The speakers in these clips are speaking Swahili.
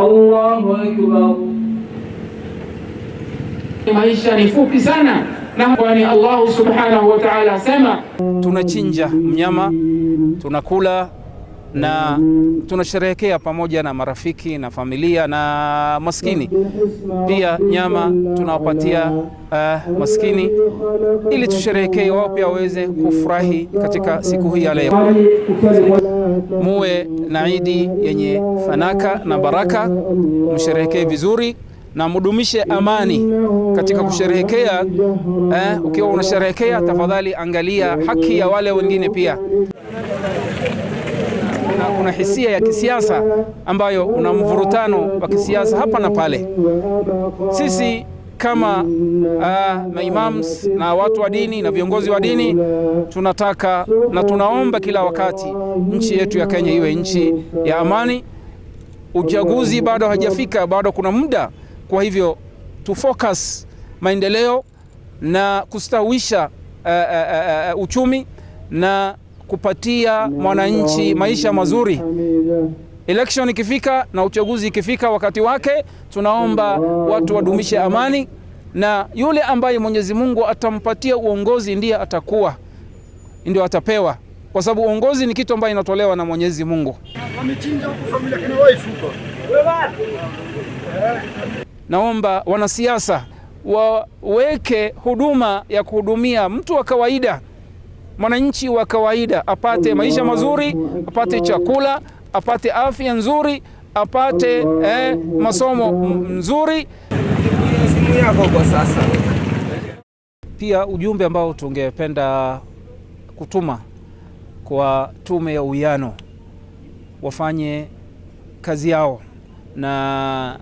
Allahu Maisha ni fupi sana, na kwani Allahu subhanahu wa ta'ala asema, tunachinja mnyama tunakula na tunasherehekea pamoja na marafiki na familia na maskini pia. Nyama tunawapatia uh, maskini ili tusherehekee, wao pia waweze kufurahi katika siku hii ya leo muwe na Idi yenye fanaka na baraka, msherehekee vizuri na mudumishe amani katika kusherehekea. Eh, ukiwa unasherehekea tafadhali angalia haki ya wale wengine pia. Na kuna hisia ya kisiasa ambayo una mvurutano wa kisiasa hapa na pale. Sisi kama uh, eh, maimams na watu wa dini na viongozi wa dini tunataka na tunaomba kila wakati nchi yetu ya Kenya iwe nchi ya amani. Uchaguzi bado hajafika, bado kuna muda. Kwa hivyo tu focus maendeleo na kustawisha uh, uh, uh, uchumi na kupatia mwananchi maisha mazuri. Election ikifika na uchaguzi ikifika wakati wake, tunaomba watu wadumishe amani, na yule ambaye Mwenyezi Mungu atampatia uongozi ndiye atakuwa ndio atapewa, kwa sababu uongozi ni kitu ambayo inatolewa na Mwenyezi Mungu. Naomba wanasiasa waweke huduma ya kuhudumia mtu wa kawaida, mwananchi wa kawaida apate maisha mazuri, apate chakula apate afya nzuri, apate eh, masomo nzuri. Simu yako kwa sasa. Pia ujumbe ambao tungependa kutuma kwa tume ya uwiano, wafanye kazi yao na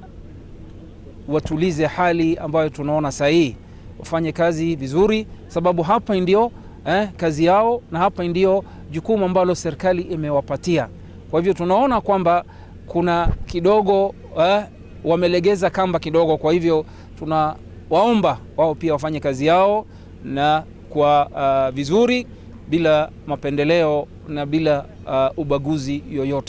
watulize hali ambayo tunaona sahihi, wafanye kazi vizuri, sababu hapa ndio eh, kazi yao na hapa ndio jukumu ambalo serikali imewapatia. Kwa hivyo tunaona kwamba kuna kidogo eh, wamelegeza kamba kidogo. Kwa hivyo tunawaomba wao pia wafanye kazi yao na kwa uh, vizuri bila mapendeleo na bila uh, ubaguzi yoyote.